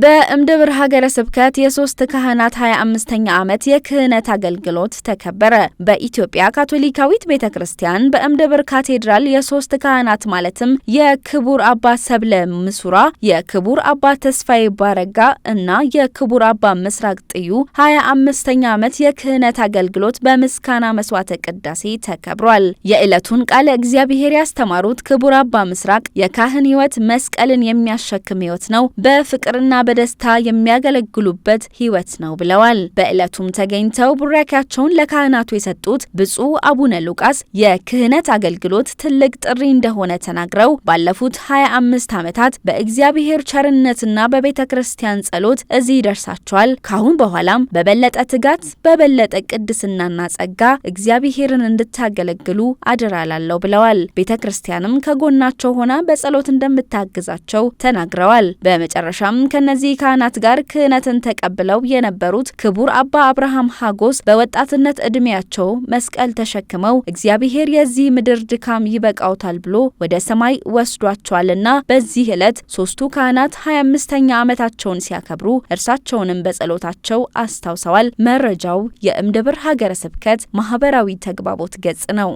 በእምድብር ሀገረ ስብከት የሶስት ካህናት 25ኛ ዓመት የክህነት አገልግሎት ተከበረ። በኢትዮጵያ ካቶሊካዊት ቤተ ክርስቲያን በእምድብር ካቴድራል የሶስት ካህናት ማለትም የክቡር አባ ሰብለ ምሱራ፣ የክቡር አባ ተስፋዬ ባረጋ እና የክቡር አባ ምስራቅ ጥዩ 25ኛ ዓመት የክህነት አገልግሎት በምስካና መስዋዕተ ቅዳሴ ተከብሯል። የዕለቱን ቃለ እግዚአብሔር ያስተማሩት ክቡር አባ ምስራቅ የካህን ሕይወት መስቀልን የሚያሸክም ሕይወት ነው፣ በፍቅርና በደስታ የሚያገለግሉበት ህይወት ነው ብለዋል። በዕለቱም ተገኝተው ቡራኪያቸውን ለካህናቱ የሰጡት ብፁዕ አቡነ ሉቃስ የክህነት አገልግሎት ትልቅ ጥሪ እንደሆነ ተናግረው ባለፉት 25 ዓመታት በእግዚአብሔር ቸርነትና በቤተ ክርስቲያን ጸሎት እዚህ ደርሳቸዋል። ካሁን በኋላም በበለጠ ትጋት፣ በበለጠ ቅድስናና ጸጋ እግዚአብሔርን እንድታገለግሉ አደራላለሁ ብለዋል። ቤተ ክርስቲያንም ከጎናቸው ሆና በጸሎት እንደምታግዛቸው ተናግረዋል። በመጨረሻም ከነ ከእነዚህ ካህናት ጋር ክህነትን ተቀብለው የነበሩት ክቡር አባ አብርሃም ሀጎስ በወጣትነት ዕድሜያቸው መስቀል ተሸክመው እግዚአብሔር የዚህ ምድር ድካም ይበቃውታል ብሎ ወደ ሰማይ ወስዷቸዋልና በዚህ ዕለት ሦስቱ ካህናት 25ኛ ዓመታቸውን ሲያከብሩ እርሳቸውንም በጸሎታቸው አስታውሰዋል። መረጃው የእምድብር ሀገረ ስብከት ማህበራዊ ተግባቦት ገጽ ነው።